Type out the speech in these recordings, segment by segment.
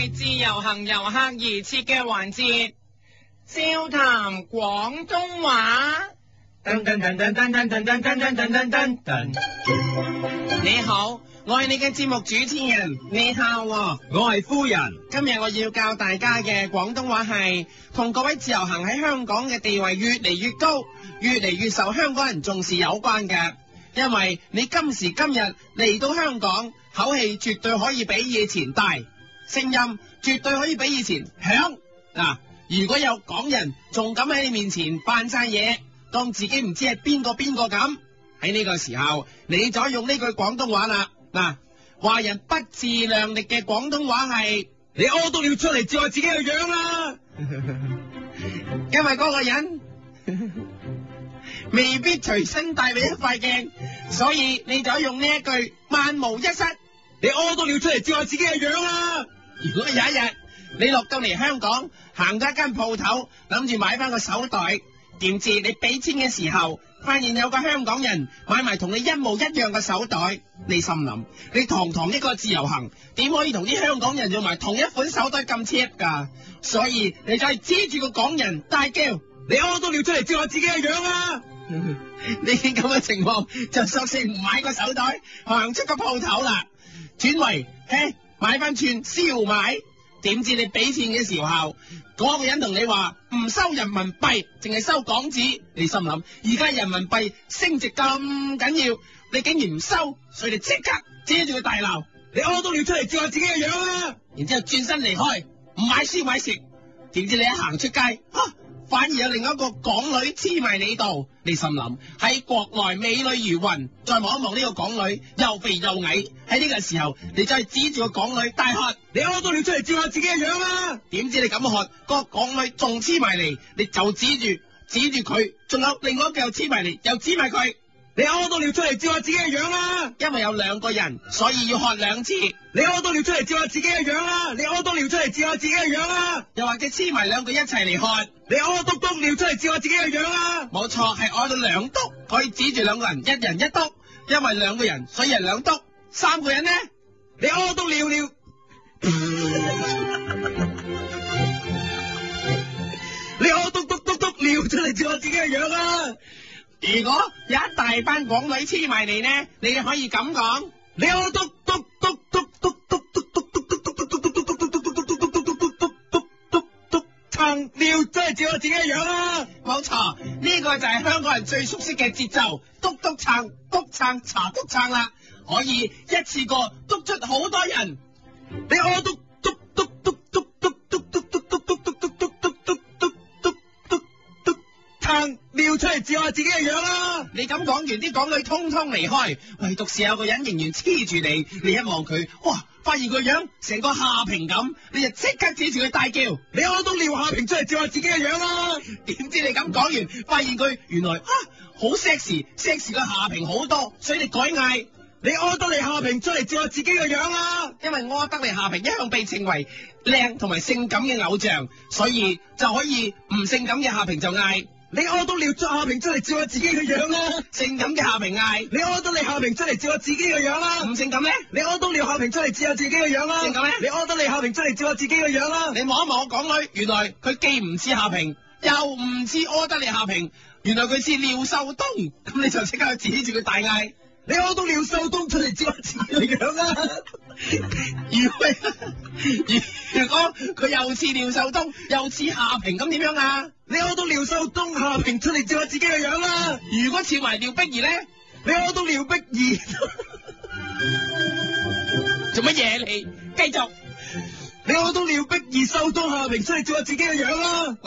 係自由行遊客而設嘅環節，笑談廣東話。你好，我係你嘅節目主持人，你好，我係夫人。今日我要教大家嘅廣東話係，同各位自由行喺香港嘅地位越嚟越高，越嚟越受香港人重視有關嘅，因為你今時今日嚟到香港，口氣絕對可以比以前大。聲音絕對可以比以前響嗱、啊，如果有港人仲敢喺你面前扮晒嘢，當自己唔知係邊個邊個咁，喺呢個時候，你就用呢句廣東話啦嗱，話、啊、人不自量力嘅廣東話係 你屙篤尿出嚟照下自己嘅樣啦、啊， 因為嗰個人 未必隨身帶你一塊鏡，所以你就可以用呢一句萬無一失，你屙篤尿出嚟照下自己嘅樣啦、啊。如果有一日你落到嚟香港，行到一間鋪頭，諗住買翻個手袋，點知你俾錢嘅時候，發現有個香港人買埋同你一模一樣嘅手袋，你心諗你堂堂一個自由行，點可以同啲香港人用埋同一款手袋咁 cheap 噶？所以你就係指住個港人大叫，你屙篤尿出嚟照下自己嘅樣啊！ 你咁嘅情況就索性唔買個手袋，行出個鋪頭啦，轉為嘿。買翻串燒賣，點知你俾錢嘅時候，嗰個人同你話唔收人民幣，淨係收港紙。你心諗而家人民幣升值咁緊要，你竟然唔收，所以你即刻遮住個大鬧，你屙篤尿出嚟照下自己個樣啦！啊，然之後轉身離開，唔買燒賣食，點知你一行出街。啊反而有另一個港女黐埋你度，你心諗喺國內美女如雲，再望一望呢個港女又肥又矮，喺呢個時候你就係指住個港女大喝，你痾篤尿出嚟照下自己嘅樣啦！點知你咁喝，個港女仲黐埋嚟，你就指住指住佢，仲有另外一個又黐埋嚟，又指埋佢。你屙督尿出嚟照下自己嘅樣啦、啊，因為有兩個人，所以要喝兩次。你屙督尿出嚟照下自己嘅樣啦、啊，你屙督尿出嚟照下自己嘅樣啦、啊，又或者黐埋兩個一齊嚟喝。你屙督督尿出嚟照下自己嘅樣啦、啊，冇錯係屙到兩督，可以指住兩個人，一人一督。因為兩個人，所以係兩督。三個人呢？你屙督尿尿，你屙督督督督尿出嚟照下自己嘅樣啦、啊。如果有一大班港女黐埋你咧，你可以咁講：你痾督督督督督督督督督督督督督督督督督督督督督督督督督督督督督督督，撐尿真係照我自己嘅樣啦。冇錯，呢個就係香港人最熟悉嘅節奏：督督撐、督撐、查督撐啦，可以一次過督出好多人。你痾督。.自己嘅樣啦、啊，你咁講完，啲港女通通離開，唯獨是有個人仍然黐住你。你一望佢，哇，發現佢樣成個夏萍咁，你就即刻指住佢大叫，你痾篤尿夏萍出嚟照下自己嘅樣啦、啊。點知你咁講完，發現佢原來啊好 sexy，sexy 個 se 夏萍好多，所以你改嗌，你柯德莉夏萍出嚟照下自己嘅樣啦、啊。因為我柯德莉夏萍一向被稱為靚同埋性感嘅偶像，所以就可以唔性感嘅夏萍就嗌。你屙篤尿夏萍出嚟照下自己嘅樣啦、啊，性感嘅夏萍嗌，你屙篤尿夏萍出嚟照下自己嘅樣啦、啊，唔性感咩？你屙篤尿夏萍出嚟照下自己嘅樣啦，性感咩、啊啊？你屙篤尿夏萍出嚟照下自己嘅樣啦，你望一望我港女，原來佢既唔似夏萍，又唔似屙篤尿夏萍，原來佢似廖秀東，咁你就即刻去指住佢大嗌，你屙篤尿廖秀東出嚟照下自己嘅樣啦、啊， 如果如果佢又似廖秀東，又似夏萍，咁點樣啊？廖秀東夏、啊、萍出嚟照下自己嘅樣啦、啊，如果似埋廖碧兒咧，你屙、啊、到廖碧兒 做乜嘢、啊、你？繼續，你屙、啊、到廖碧兒、秀東、啊、夏萍出嚟照下自己嘅樣啦、啊。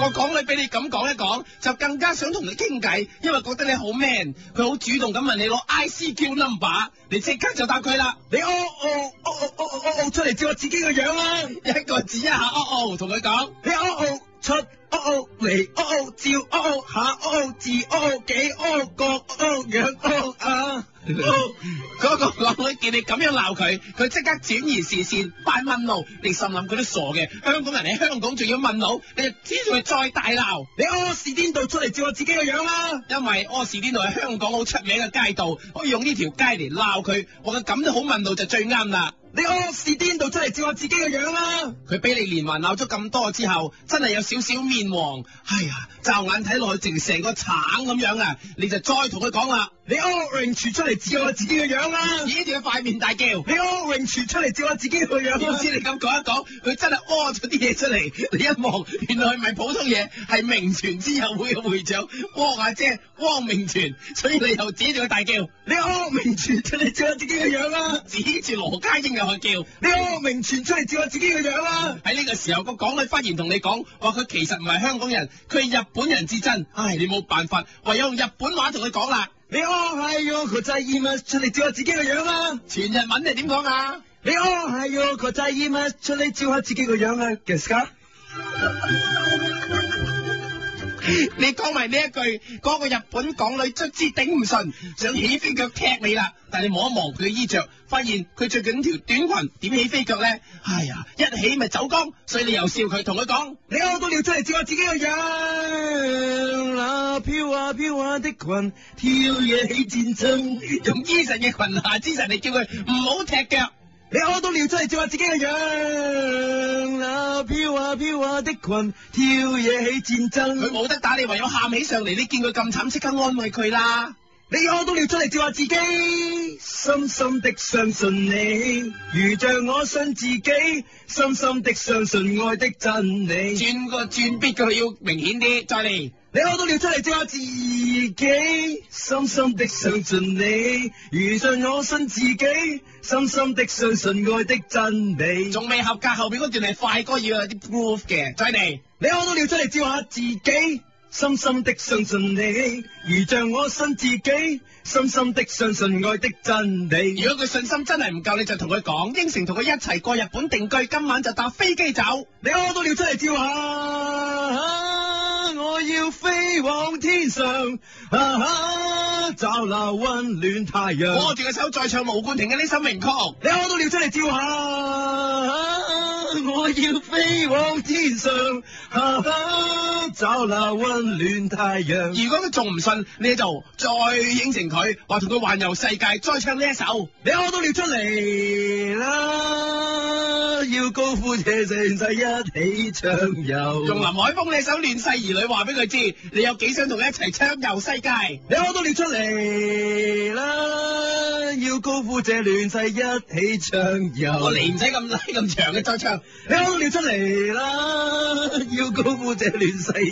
嗱，我講你俾你咁講一講，就更加想同你傾偈，因為覺得你好 man，佢好主動咁問你攞 ICQ number，你即刻就答佢啦，你哦哦，哦哦哦哦哦哦出嚟照下自己嘅樣啦、啊，一個字一下哦哦同佢講，你哦哦。出屋嚟，屋、哦哦哦、照屋、哦、下屋字屋幾屋個屋樣屋啊！嗰、哦、 個女見你咁樣鬧佢，佢即刻轉移視線，扮問路，你心滲佢都傻嘅，香港人喺香港仲要問路，你黐住佢再大鬧，你屙屎邊度出嚟照我自己嘅樣啦！因為屙屎邊度係香港好出名嘅街道，可以用呢條街嚟鬧佢，我嘅咁都好問路就最啱啦。你痾篤尿出嚟照下自己嘅樣啦、啊！佢俾你連環鬧咗咁多之後，真係有少少面黃，哎呀，驟眼睇落去就成個橙咁樣啊！你就再同佢講啦。你痾篤尿出嚟照下自己嘅樣啦，指住塊面大叫。你痾篤尿出嚟照下自己嘅樣。好似 你咁講一講，佢真係屙咗啲嘢出嚟。你一望，原來唔係普通嘢，係明荃之友會嘅會長汪阿，啊，姐汪明荃！」所以你又指住佢大叫。你痾篤尿出嚟照下自己嘅樣啦， 指住羅家英又去叫。你痾篤尿出嚟照下自己嘅樣啦。喺呢個時候，嗰個港女忽然同你講，話佢其實唔係香港人，佢係日本人至真。唉，你冇辦法，唯有用日本話同佢講啦。你屙係要個制燕嗎？出嚟照下自己個樣啊！全日文你點講啊？ 你屙係要個制燕嗎？出嚟照下自己個樣啊？其實，你講埋呢一句，嗰、那個日本港女卒之頂唔順，想起飛腳踢你啦。但係你望一望佢嘅衣着，發現佢着緊條短裙，點起飛腳咧？哎呀，一起咪走光，所以你又笑佢，同佢講：你屙篤尿出嚟照下自己個樣、啊。飄啊飄啊的裙，跳嘢起戰爭，用伊神嘅裙下之神嚟叫佢唔好踢腳，你屙篤尿出嚟照下自己個樣啦。嗱飄啊飄啊，啊的裙，跳嘢起戰爭，佢冇得打你，唯有喊起上嚟，你見佢咁慘，即刻安慰佢啦。你屙篤尿出嚟照下自己，深深的相信你，如像我信自己，深深的相信愛的真理。轉個轉，必佢要明顯啲，再嚟。你屙篤尿出嚟照下自己，深深的相信你，如像我信自己，深深的相信愛的真理。仲未合格，後邊嗰段係快歌，要有啲 groove 嘅，就係你。你屙篤尿出嚟照下自己，深深的相信你，如像我信自己，深深的相信愛的真理。如果佢信心真係唔夠，你就同佢講，應承同佢一齊過日本定居，今晚就搭飛機走。你屙篤尿出嚟照下。呵呵飛往天上，啊！找那溫暖太陽，哦，握住個手再唱。毛冠廷嘅呢首名曲，你痾篤尿出嚟照下。我要飛往天上，啊！啊找那溫暖太陽。如果佢仲唔信你就再應承佢，話同佢環遊世界，再唱呢一首，你可都列出嚟啦。要高呼這亂世一起唱遊。用林海峰呢首亂世兒女，話俾佢知，你有幾想同佢一齊唱遊世界？你可都列出嚟啦。要高呼這亂世一起唱遊。 我你唔使咁拉咁長嘅再唱， 你可都列出嚟啦。要高呼這亂世。